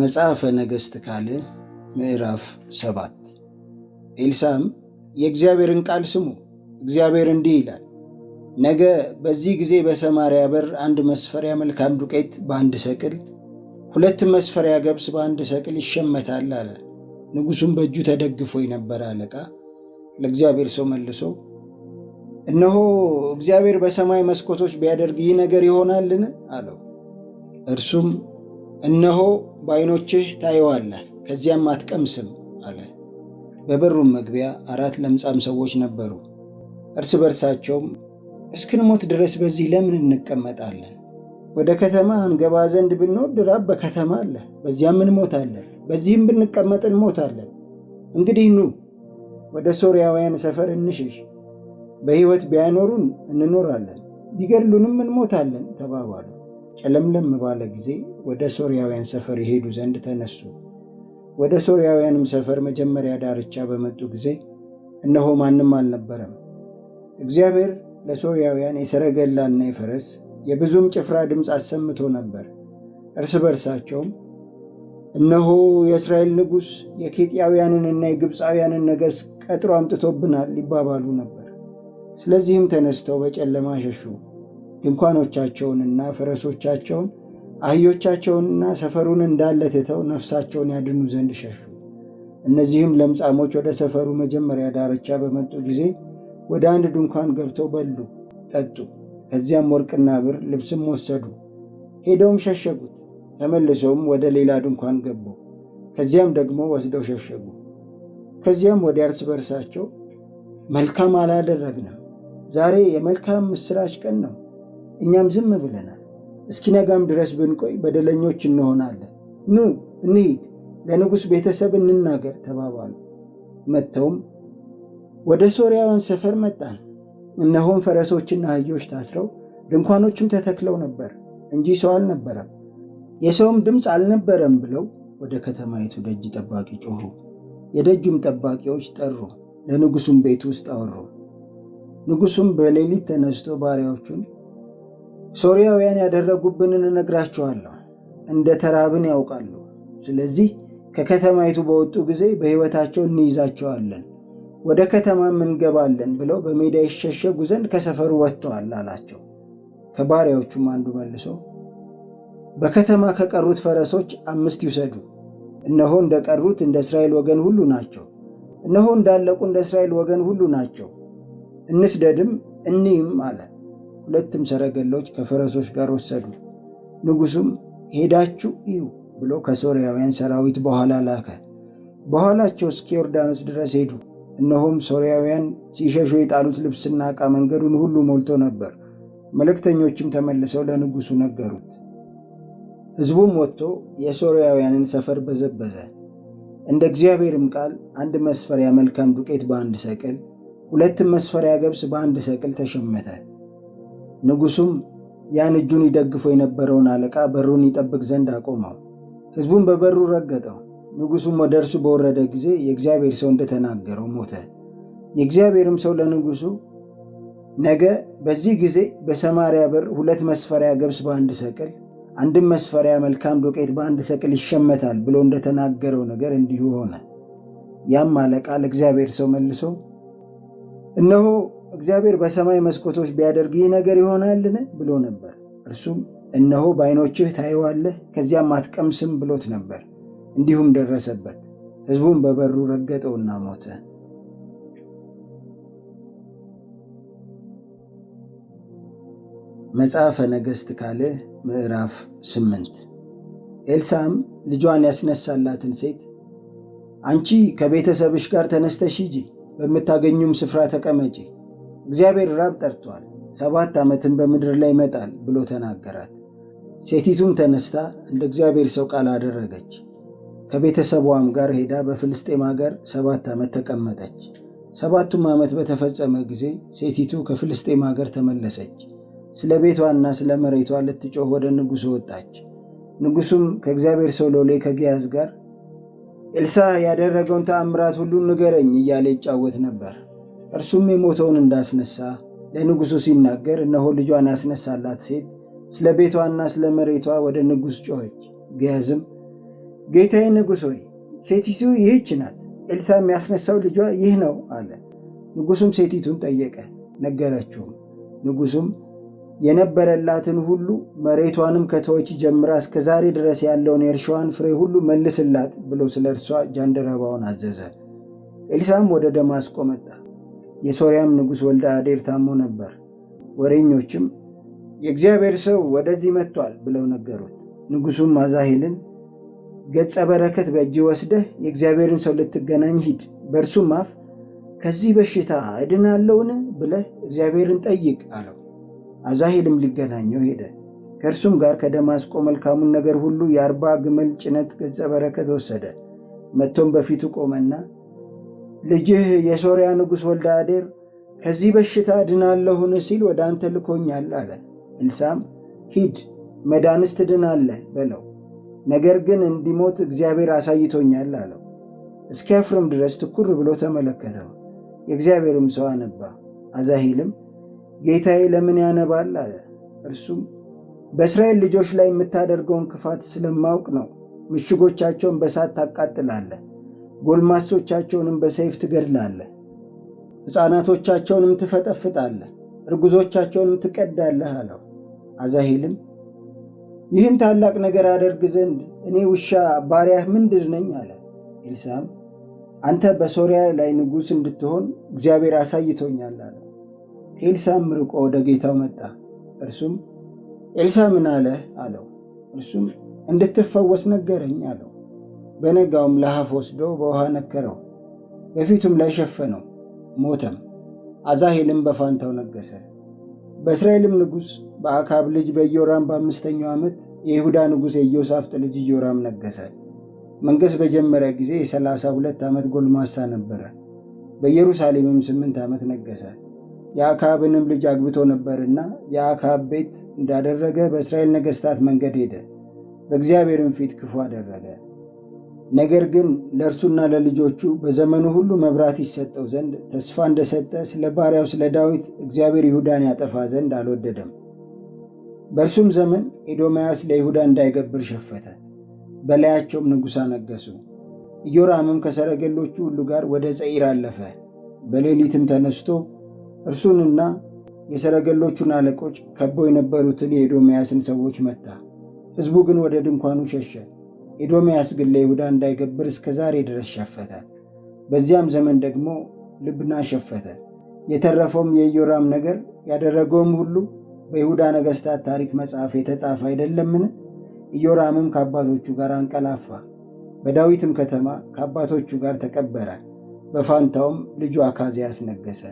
መጽሐፈ ነገሥት ካልዕ ምዕራፍ ሰባት ኤልሳም የእግዚአብሔርን ቃል ስሙ፣ እግዚአብሔር እንዲህ ይላል፣ ነገ በዚህ ጊዜ በሰማርያ በር አንድ መስፈሪያ መልካም ዱቄት በአንድ ሰቅል፣ ሁለት መስፈሪያ ገብስ በአንድ ሰቅል ይሸመታል አለ። ንጉሱም በእጁ ተደግፎ የነበረ አለቃ ለእግዚአብሔር ሰው መልሶ እነሆ እግዚአብሔር በሰማይ መስኮቶች ቢያደርግ ይህ ነገር ይሆናልን? አለው። እርሱም እነሆ በዓይኖችህ ታየዋለህ፣ ከዚያም አትቀምስም አለ። በበሩም መግቢያ አራት ለምጻም ሰዎች ነበሩ። እርስ በርሳቸውም እስክንሞት ድረስ በዚህ ለምን እንቀመጣለን? ወደ ከተማ እንገባ ዘንድ ብንወድ ራብ በከተማ አለ፣ በዚያም እንሞታለን፣ በዚህም ብንቀመጥ እንሞታለን። እንግዲህ ኑ ወደ ሶርያውያን ሰፈር እንሽሽ፣ በሕይወት ቢያኖሩን እንኖራለን፣ ቢገድሉንም እንሞታለን ተባባሉ። ጨለምለም ባለ ጊዜ ወደ ሶርያውያን ሰፈር የሄዱ ዘንድ ተነሱ። ወደ ሶርያውያንም ሰፈር መጀመሪያ ዳርቻ በመጡ ጊዜ እነሆ ማንም አልነበረም። እግዚአብሔር ለሶርያውያን የሰረገላና የፈረስ የብዙም ጭፍራ ድምፅ አሰምቶ ነበር። እርስ በርሳቸውም እነሆ የእስራኤል ንጉሥ የኬጥያውያንንና የግብፃውያንን ነገሥት ቀጥሮ አምጥቶብናል ይባባሉ ነበር። ስለዚህም ተነስተው በጨለማ ሸሹ። ድንኳኖቻቸውንና ፈረሶቻቸውን አህዮቻቸውንና ሰፈሩን እንዳለ ትተው ነፍሳቸውን ያድኑ ዘንድ ሸሹ። እነዚህም ለምጻሞች ወደ ሰፈሩ መጀመሪያ ዳርቻ በመጡ ጊዜ ወደ አንድ ድንኳን ገብተው በሉ፣ ጠጡ። ከዚያም ወርቅና ብር ልብስም ወሰዱ። ሄደውም ሸሸጉት። ተመልሰውም ወደ ሌላ ድንኳን ገቡ። ከዚያም ደግሞ ወስደው ሸሸጉ። ከዚያም ወደ እርስ በርሳቸው መልካም አላደረግንም፣ ዛሬ የመልካም ምስራች ቀን ነው እኛም ዝም ብለናል። እስኪነጋም ድረስ ብንቆይ በደለኞች እንሆናለን። ኑ እንሂድ፣ ለንጉሥ ቤተሰብ እንናገር ተባባሉ። መጥተውም ወደ ሶርያውያን ሰፈር መጣን። እነሆም ፈረሶችና አህዮች ታስረው ድንኳኖችም ተተክለው ነበር እንጂ ሰው አልነበረም፣ የሰውም ድምፅ አልነበረም ብለው ወደ ከተማይቱ ደጅ ጠባቂ ጮኹ። የደጁም ጠባቂዎች ጠሩ፣ ለንጉሱም ቤት ውስጥ አወሩ። ንጉሱም በሌሊት ተነስቶ ባሪያዎቹን ሶርያውያን ያደረጉብንን እነግራችኋለሁ። እንደ ተራብን ያውቃሉ። ስለዚህ ከከተማይቱ በወጡ ጊዜ በሕይወታቸው እንይዛቸዋለን፣ ወደ ከተማም እንገባለን ብለው በሜዳ ይሸሸጉ ዘንድ ከሰፈሩ ወጥተዋል አላቸው። ከባሪያዎቹም አንዱ መልሶ በከተማ ከቀሩት ፈረሶች አምስት ይውሰዱ፣ እነሆ እንደቀሩት እንደ እስራኤል ወገን ሁሉ ናቸው፣ እነሆ እንዳለቁ እንደ እስራኤል ወገን ሁሉ ናቸው፣ እንስደድም እንይም አለን። ሁለትም ሰረገላዎች ከፈረሶች ጋር ወሰዱ። ንጉሱም ሄዳችሁ እዩ ብሎ ከሶርያውያን ሰራዊት በኋላ ላከ። በኋላቸው እስከ ዮርዳኖስ ድረስ ሄዱ። እነሆም ሶርያውያን ሲሸሹ የጣሉት ልብስና ዕቃ መንገዱን ሁሉ ሞልቶ ነበር። መልእክተኞችም ተመልሰው ለንጉሱ ነገሩት። ሕዝቡም ወጥቶ የሶርያውያንን ሰፈር በዘበዘ። እንደ እግዚአብሔርም ቃል አንድ መስፈሪያ መልካም ዱቄት በአንድ ሰቅል፣ ሁለትም መስፈሪያ ገብስ በአንድ ሰቅል ተሸመተ። ንጉሱም ያን እጁን ይደግፎ የነበረውን አለቃ በሩን ይጠብቅ ዘንድ አቆመው። ሕዝቡም በበሩ ረገጠው። ንጉሱም ወደ እርሱ በወረደ ጊዜ የእግዚአብሔር ሰው እንደተናገረው ሞተ። የእግዚአብሔርም ሰው ለንጉሱ ነገ በዚህ ጊዜ በሰማርያ በር ሁለት መስፈሪያ ገብስ በአንድ ሰቅል፣ አንድም መስፈሪያ መልካም ዱቄት በአንድ ሰቅል ይሸመታል ብሎ እንደተናገረው ነገር እንዲሁ ሆነ። ያም አለቃ ለእግዚአብሔር ሰው መልሶ እነሆ እግዚአብሔር በሰማይ መስኮቶች ቢያደርግ ይህ ነገር ይሆናልን ብሎ ነበር። እርሱም እነሆ በዓይኖችህ ታየዋለህ፣ ከዚያም አትቀምስም ብሎት ነበር። እንዲሁም ደረሰበት። ሕዝቡም በበሩ ረገጠውና ሞተ። መጽሐፈ ነገሥት ካልዕ ምዕራፍ ስምንት ኤልሳም ልጇን ያስነሳላትን ሴት አንቺ ከቤተሰብሽ ጋር ተነስተሽ ሂጂ፣ በምታገኙም ስፍራ ተቀመጪ እግዚአብሔር ራብ ጠርቷል፣ ሰባት ዓመትም በምድር ላይ ይመጣል ብሎ ተናገራት። ሴቲቱም ተነስታ እንደ እግዚአብሔር ሰው ቃል አደረገች። ከቤተሰቧም ጋር ሄዳ በፍልስጤም አገር ሰባት ዓመት ተቀመጠች። ሰባቱም ዓመት በተፈጸመ ጊዜ ሴቲቱ ከፍልስጤም አገር ተመለሰች። ስለ ቤቷና ስለ መሬቷ ልትጮህ ወደ ንጉሡ ወጣች። ንጉሡም ከእግዚአብሔር ሰው ሎሌ ከጊያዝ ጋር ኤልሳዕ ያደረገውን ተአምራት ሁሉ ንገረኝ እያለ ይጫወት ነበር። እርሱም የሞተውን እንዳስነሳ ለንጉሡ ሲናገር እነሆ ልጇን ያስነሳላት ሴት ስለ ቤቷና ስለ መሬቷ ወደ ንጉሥ ጮኸች። ገያዝም ጌታዬ ንጉሥ ሆይ ሴቲቱ ይህች ናት፣ ኤልሳ የሚያስነሳው ልጇ ይህ ነው አለ። ንጉሱም ሴቲቱን ጠየቀ፣ ነገረችውም። ንጉሱም የነበረላትን ሁሉ መሬቷንም ከተወች ጀምራ እስከ ዛሬ ድረስ ያለውን የእርሻዋን ፍሬ ሁሉ መልስላት ብሎ ስለ እርሷ ጃንደረባውን አዘዘ። ኤልሳም ወደ ደማስቆ መጣ። የሶርያም ንጉሥ ወልደ አዴር ታሞ ነበር። ወሬኞችም የእግዚአብሔር ሰው ወደዚህ መጥቷል ብለው ነገሩት። ንጉሱም አዛሄልን ገጸ በረከት በእጅ ወስደህ የእግዚአብሔርን ሰው ልትገናኝ ሂድ፣ በእርሱም አፍ ከዚህ በሽታ እድናለውን ብለህ እግዚአብሔርን ጠይቅ አለው። አዛሄልም ሊገናኘው ሄደ። ከእርሱም ጋር ከደማስቆ መልካሙን ነገር ሁሉ የአርባ ግመል ጭነት ገጸ በረከት ወሰደ። መጥቶም በፊቱ ቆመና ልጅህ የሶርያ ንጉሥ ወልደ አዴር ከዚህ በሽታ ድናለሁን ሲል ወደ አንተ ልኮኛል አለ። ኤልሳም ሂድ መዳንስ ትድናለህ በለው፣ ነገር ግን እንዲሞት እግዚአብሔር አሳይቶኛል አለው። እስኪያፍርም ድረስ ትኩር ብሎ ተመለከተው። የእግዚአብሔርም ሰው አነባ። አዛሂልም ጌታዬ ለምን ያነባል አለ። እርሱም በእስራኤል ልጆች ላይ የምታደርገውን ክፋት ስለማውቅ ነው፣ ምሽጎቻቸውን በሳት ታቃጥላለህ ጎልማሶቻቸውንም በሰይፍ ትገድላለህ፣ ሕፃናቶቻቸውንም ትፈጠፍጣለህ፣ እርጉዞቻቸውንም ትቀዳለህ አለው። አዛሄልም ይህን ታላቅ ነገር አደርግ ዘንድ እኔ ውሻ ባሪያህ ምንድር ነኝ? አለ። ኤልሳም አንተ በሶርያ ላይ ንጉሥ እንድትሆን እግዚአብሔር አሳይቶኛል አለ። ኤልሳም ርቆ ወደ ጌታው መጣ። እርሱም ኤልሳ ምን አለህ? አለው። እርሱም እንድትፈወስ ነገረኝ አለው። በነጋውም ለሐፍ ወስዶ በውሃ ነከረው፣ በፊቱም ላይ ሸፈነው፣ ሞተም። አዛሄልም በፋንታው ነገሰ በእስራኤልም ንጉሥ በአካብ ልጅ በኢዮራም በአምስተኛው ዓመት የይሁዳ ንጉሥ የኢዮሳፍጥ ልጅ ኢዮራም ነገሰ። መንገሥ በጀመረ ጊዜ የሰላሳ ሁለት ዓመት ጎልማሳ ነበረ። በኢየሩሳሌምም ስምንት ዓመት ነገሰ የአካብንም ልጅ አግብቶ ነበርና የአካብ ቤት እንዳደረገ በእስራኤል ነገሥታት መንገድ ሄደ፣ በእግዚአብሔርም ፊት ክፉ አደረገ። ነገር ግን ለእርሱና ለልጆቹ በዘመኑ ሁሉ መብራት ይሰጠው ዘንድ ተስፋ እንደሰጠ ስለ ባሪያው ስለ ዳዊት እግዚአብሔር ይሁዳን ያጠፋ ዘንድ አልወደደም። በእርሱም ዘመን ኤዶማያስ ለይሁዳ እንዳይገብር ሸፈተ፣ በላያቸውም ንጉሥ አነገሱ። ኢዮራምም ከሰረገሎቹ ሁሉ ጋር ወደ ጸዒር አለፈ። በሌሊትም ተነስቶ እርሱንና የሰረገሎቹን አለቆች ከበው የነበሩትን የኤዶማያስን ሰዎች መታ። ሕዝቡ ግን ወደ ድንኳኑ ሸሸ። ኤዶምያስ ግን ለይሁዳ እንዳይገብር እስከ ዛሬ ድረስ ሸፈተ። በዚያም ዘመን ደግሞ ልብና ሸፈተ። የተረፈውም የኢዮራም ነገር ያደረገውም ሁሉ በይሁዳ ነገሥታት ታሪክ መጽሐፍ የተጻፈ አይደለምን? ኢዮራምም ከአባቶቹ ጋር አንቀላፋ፣ በዳዊትም ከተማ ከአባቶቹ ጋር ተቀበረ። በፋንታውም ልጁ አካዝያስ ነገሰ።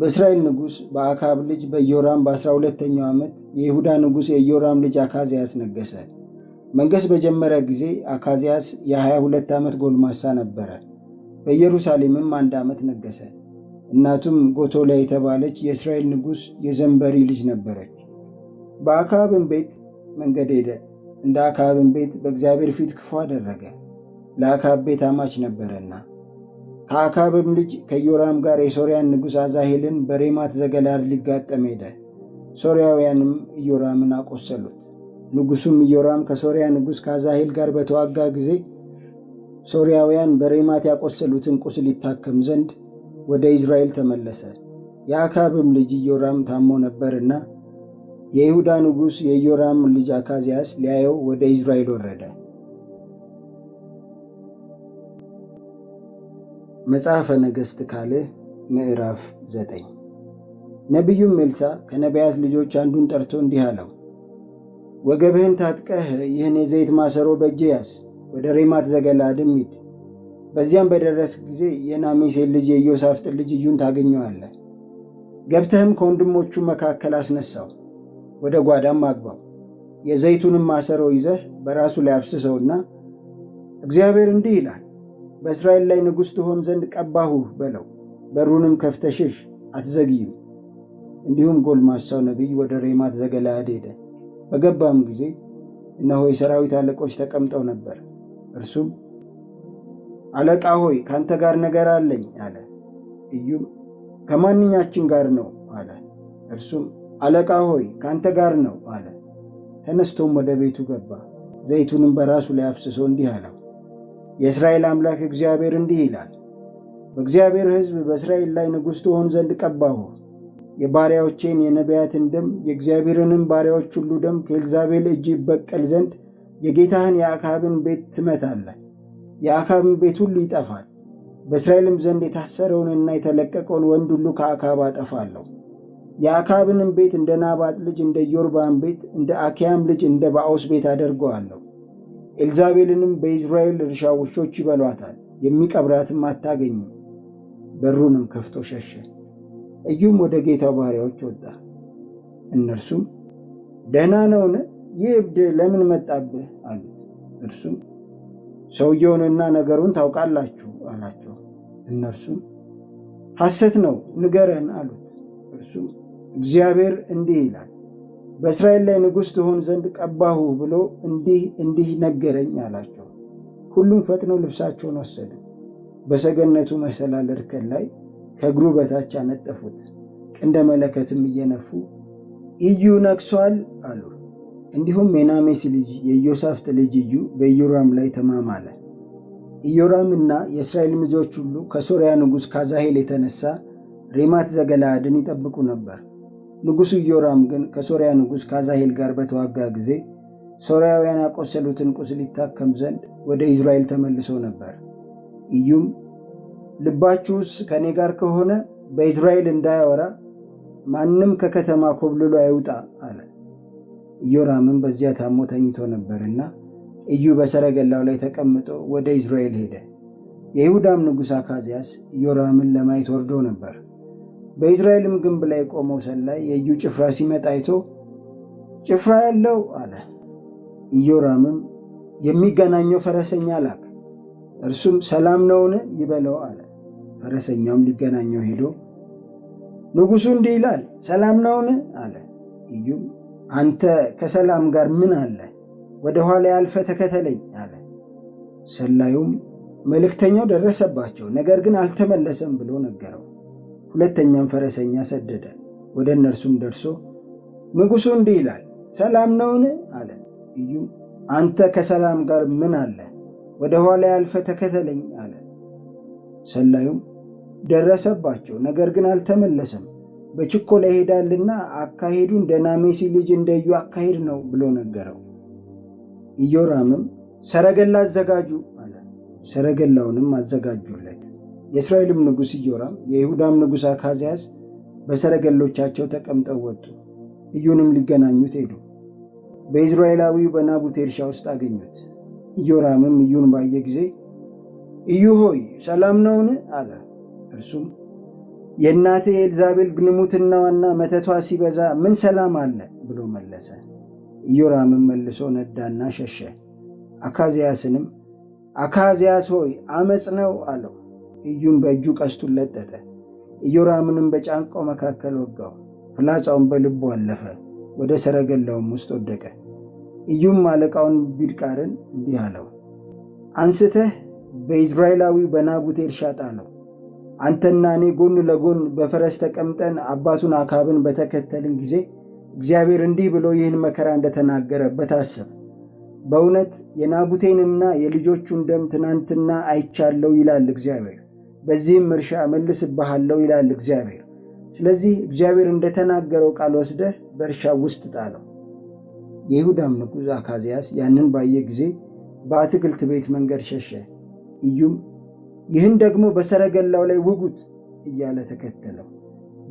በእስራኤል ንጉሥ በአካብ ልጅ በኢዮራም 12 ሁለተኛው ዓመት የይሁዳ ንጉሥ የኢዮራም ልጅ አካዝያስ ነገሰ። መንገስ በጀመረ ጊዜ አካዚያስ የ ሁለት ዓመት ጎልማሳ ነበረ። በኢየሩሳሌምም አንድ ዓመት ነገሰ እናቱም ጎቶላ የተባለች የእስራኤል ንጉሥ የዘንበሪ ልጅ ነበረች። በአክዓብም ቤት መንገድ ሄደ። እንደ አክዓብም ቤት በእግዚአብሔር ፊት ክፉ አደረገ፣ ለአክዓብ ቤት አማች ነበረና። ከአክዓብም ልጅ ከዮራም ጋር የሶርያን ንጉሥ አዛሄልን በሬማት ዘገላድ ሊጋጠም ሄደ። ሶርያውያንም ኢዮራምን አቆሰሉት። ንጉሱም ኢዮራም ከሶርያ ንጉሥ ከአዛሄል ጋር በተዋጋ ጊዜ ሶርያውያን በሬማት ያቆሰሉትን ቁስል ይታከም ዘንድ ወደ ኢዝራኤል ተመለሰ። የአካብም ልጅ ኢዮራም ታሞ ነበርና የይሁዳ ንጉሥ የኢዮራም ልጅ አካዚያስ ሊያየው ወደ ኢዝራኤል ወረደ። መጽሐፈ ነገሥት ካልዕ ምዕራፍ ዘጠኝ ነቢዩም ኤልሳዕ ከነቢያት ልጆች አንዱን ጠርቶ እንዲህ አለው ወገብህን ታጥቀህ ይህን የዘይት ማሰሮ በእጅ ያዝ፣ ወደ ሬማት ዘገለአድም ሂድ። በዚያም በደረስ ጊዜ የናሜሴ ልጅ የኢዮሳፍጥ ልጅ እዩን ታገኘዋለህ። ገብተህም ከወንድሞቹ መካከል አስነሳው፣ ወደ ጓዳም አግባው። የዘይቱንም ማሰሮ ይዘህ በራሱ ላይ አፍስሰውና እግዚአብሔር እንዲህ ይላል በእስራኤል ላይ ንጉሥ ትሆን ዘንድ ቀባሁህ በለው። በሩንም ከፍተሽሽ አትዘግይም። እንዲሁም ጎልማሳው ነቢይ ወደ ሬማት ዘገለአድ ሄደ። በገባም ጊዜ እነሆ የሰራዊት አለቆች ተቀምጠው ነበር። እርሱም አለቃ ሆይ ካንተ ጋር ነገር አለኝ አለ። እዩም ከማንኛችን ጋር ነው አለ። እርሱም አለቃ ሆይ ካንተ ጋር ነው አለ። ተነስቶም ወደ ቤቱ ገባ። ዘይቱንም በራሱ ላይ አፍስሶ እንዲህ አለው፣ የእስራኤል አምላክ እግዚአብሔር እንዲህ ይላል፣ በእግዚአብሔር ሕዝብ በእስራኤል ላይ ንጉሥ ትሆን ዘንድ ቀባሁህ። የባሪያዎቼን የነቢያትን ደም የእግዚአብሔርንም ባሪያዎች ሁሉ ደም ከኤልዛቤል እጅ ይበቀል ዘንድ የጌታህን የአካብን ቤት ትመታለህ። የአካብን ቤት ሁሉ ይጠፋል። በእስራኤልም ዘንድ የታሰረውንና የተለቀቀውን ወንድ ሁሉ ከአካብ አጠፋለሁ። የአካብንም ቤት እንደ ናባጥ ልጅ እንደ ኢዮርብዓም ቤት እንደ አኪያም ልጅ እንደ ባኦስ ቤት አደርገዋለሁ። ኤልዛቤልንም በኢዝራኤል እርሻ ውሾች ይበሏታል፣ የሚቀብራትም አታገኝም። በሩንም ከፍቶ ሸሸ። እዩም ወደ ጌታው ባሪያዎች ወጣ። እነርሱም ደህና ነውን? ይህ እብድ ለምን መጣብህ? አሉት። እርሱም ሰውየውንና ነገሩን ታውቃላችሁ አላቸው። እነርሱም ሐሰት ነው፣ ንገረን አሉት። እርሱም እግዚአብሔር እንዲህ ይላል በእስራኤል ላይ ንጉሥ ትሆን ዘንድ ቀባሁ ብሎ እንዲህ እንዲህ ነገረኝ አላቸው። ሁሉም ፈጥነው ልብሳቸውን ወሰዱ፣ በሰገነቱ መሰላል እርከን ላይ ከእግሩ በታች አነጠፉት። እንደ መለከትም እየነፉ ኢዩ ነግሷል አሉ። እንዲሁም የናሜሲ ልጅ የኢዮሳፍጥ ልጅ ኢዩ በኢዮራም ላይ ተማማለ። ኢዮራም እና የእስራኤል ልጆች ሁሉ ከሶርያ ንጉሥ ካዛሄል የተነሳ ሬማት ዘገለአድን ይጠብቁ ነበር። ንጉሡ ኢዮራም ግን ከሶርያ ንጉሥ ካዛሄል ጋር በተዋጋ ጊዜ ሶርያውያን ያቆሰሉትን ቁስል ይታከም ዘንድ ወደ ኢዝራኤል ተመልሶ ነበር። ኢዩም ልባችሁስ ከእኔ ጋር ከሆነ በእስራኤል እንዳያወራ ማንም ከከተማ ኮብልሎ አይውጣ አለ። ኢዮራምም በዚያ ታሞ ተኝቶ ነበርና ኢዩ በሰረገላው ላይ ተቀምጦ ወደ እስራኤል ሄደ። የይሁዳም ንጉሥ አካዝያስ ኢዮራምን ለማየት ወርዶ ነበር። በእስራኤልም ግንብ ላይ ቆመው ሰላይ የኢዩ ጭፍራ ሲመጣ አይቶ ጭፍራ ያለው አለ። ኢዮራምም የሚገናኘው ፈረሰኛ ላክ፣ እርሱም ሰላም ነውን ይበለው አለ። ፈረሰኛውም ሊገናኘው ሄዶ ንጉሱ እንዲህ ይላል ሰላም ነውን? አለ። ኢዩም አንተ ከሰላም ጋር ምን አለ? ወደ ኋላ ያልፈ ተከተለኝ አለ። ሰላዩም መልእክተኛው ደረሰባቸው፣ ነገር ግን አልተመለሰም ብሎ ነገረው። ሁለተኛም ፈረሰኛ ሰደደ። ወደ እነርሱም ደርሶ ንጉሱ እንዲህ ይላል ሰላም ነውን? አለ። ኢዩም አንተ ከሰላም ጋር ምን አለ? ወደ ኋላ ያልፈ ተከተለኝ አለ። ሰላዩም ደረሰባቸው፣ ነገር ግን አልተመለሰም። በችኮላ ይሄዳልና እንደ ናሜሲ ልጅ እንደ አካሄድ ነው ብሎ ነገረው። ኢዮራምም ሰረገላ አዘጋጁ አለ። ሰረገላውንም አዘጋጁለት። የእስራኤልም ንጉሥ ኢዮራም የይሁዳም ንጉሥ አካዝያስ በሰረገሎቻቸው ተቀምጠው ወጡ። እዩንም ሊገናኙት ሄዱ። በኢዝራኤላዊው በናቡቴ እርሻ ውስጥ አገኙት። ኢዮራምም እዩን ባየ ጊዜ እዩ ሆይ ሰላም ነውን? አለ። እርሱም የእናቴ ኤልዛቤል ግልሙትናዋና መተቷ ሲበዛ ምን ሰላም አለ ብሎ መለሰ። ኢዮራምን መልሶ ነዳና ሸሸ። አካዝያስንም አካዝያስ ሆይ አመፅ ነው አለው። እዩም በእጁ ቀስቱን ለጠጠ፣ ኢዮራምንም በጫንቃው መካከል ወጋው። ፍላጻውን በልቡ አለፈ፣ ወደ ሰረገላውም ውስጥ ወደቀ። እዩም አለቃውን ቢድቃርን እንዲህ አለው አንስተህ በኢዝራኤላዊው በናቡቴ ኤልሻጣ ነው። አንተና እኔ ጎን ለጎን በፈረስ ተቀምጠን አባቱን አካብን በተከተልን ጊዜ እግዚአብሔር እንዲህ ብሎ ይህን መከራ እንደተናገረበት አስብ። በእውነት የናቡቴንና የልጆቹን ደም ትናንትና አይቻለው ይላል እግዚአብሔር፣ በዚህም እርሻ እመልስብሃለሁ ይላል እግዚአብሔር። ስለዚህ እግዚአብሔር እንደተናገረው ቃል ወስደህ በእርሻ ውስጥ ጣለው። የይሁዳም ንጉሥ አካዝያስ ያንን ባየ ጊዜ በአትክልት ቤት መንገድ ሸሸ። እዩም ይህን ደግሞ በሰረገላው ላይ ውጉት እያለ ተከተለው።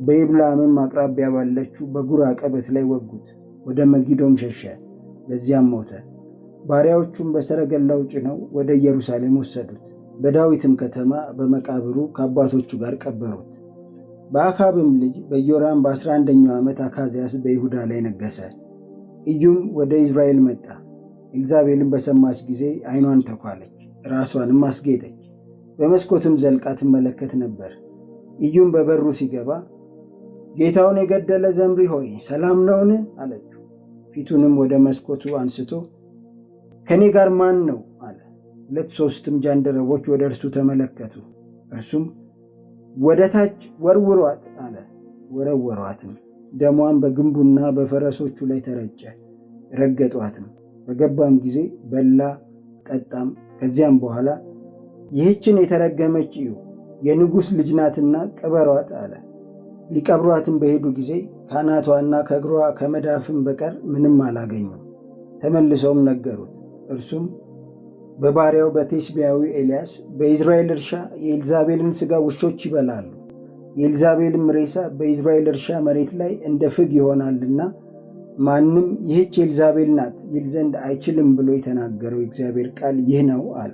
በኢብላምም አቅራቢያ ባለችው በጉራ ቀበት ላይ ወጉት። ወደ መጊዶም ሸሸ፣ በዚያም ሞተ። ባሪያዎቹም በሰረገላው ጭነው ወደ ኢየሩሳሌም ወሰዱት። በዳዊትም ከተማ በመቃብሩ ከአባቶቹ ጋር ቀበሩት። በአካብም ልጅ በዮራም 11 ኛው ዓመት አካዝያስ በይሁዳ ላይ ነገሰ። እዩም ወደ ኢዝራኤል መጣ። ኤልዛቤልም በሰማች ጊዜ ዓይኗን ተኳለች። ራሷንም አስጌጠች። በመስኮትም ዘልቃ ትመለከት ነበር። እዩም በበሩ ሲገባ ጌታውን የገደለ ዘምሪ ሆይ ሰላም ነውን? አለችው። ፊቱንም ወደ መስኮቱ አንስቶ ከእኔ ጋር ማን ነው? አለ። ሁለት ሶስትም ጃንደረቦች ወደ እርሱ ተመለከቱ። እርሱም ወደ ታች ወርውሯት አለ። ወረወሯትም። ደሟም በግንቡና በፈረሶቹ ላይ ተረጨ። ረገጧትም። በገባም ጊዜ በላ ጠጣም፣ ከዚያም በኋላ ይህችን የተረገመች እዩ የንጉሥ ልጅ ናትና ቅበሯት አለ። ሊቀብሯትም በሄዱ ጊዜ ከአናቷና ከእግሯ ከመዳፍም በቀር ምንም አላገኙም። ተመልሰውም ነገሩት። እርሱም በባሪያው በቴስቢያዊ ኤልያስ በኢዝራኤል እርሻ የኤልዛቤልን ሥጋ ውሾች ይበላሉ፣ የኤልዛቤልም ሬሳ በኢዝራኤል እርሻ መሬት ላይ እንደ ፍግ ይሆናልና ማንም ይህች ኤልዛቤል ናት ይል ዘንድ አይችልም ብሎ የተናገረው እግዚአብሔር ቃል ይህ ነው አለ።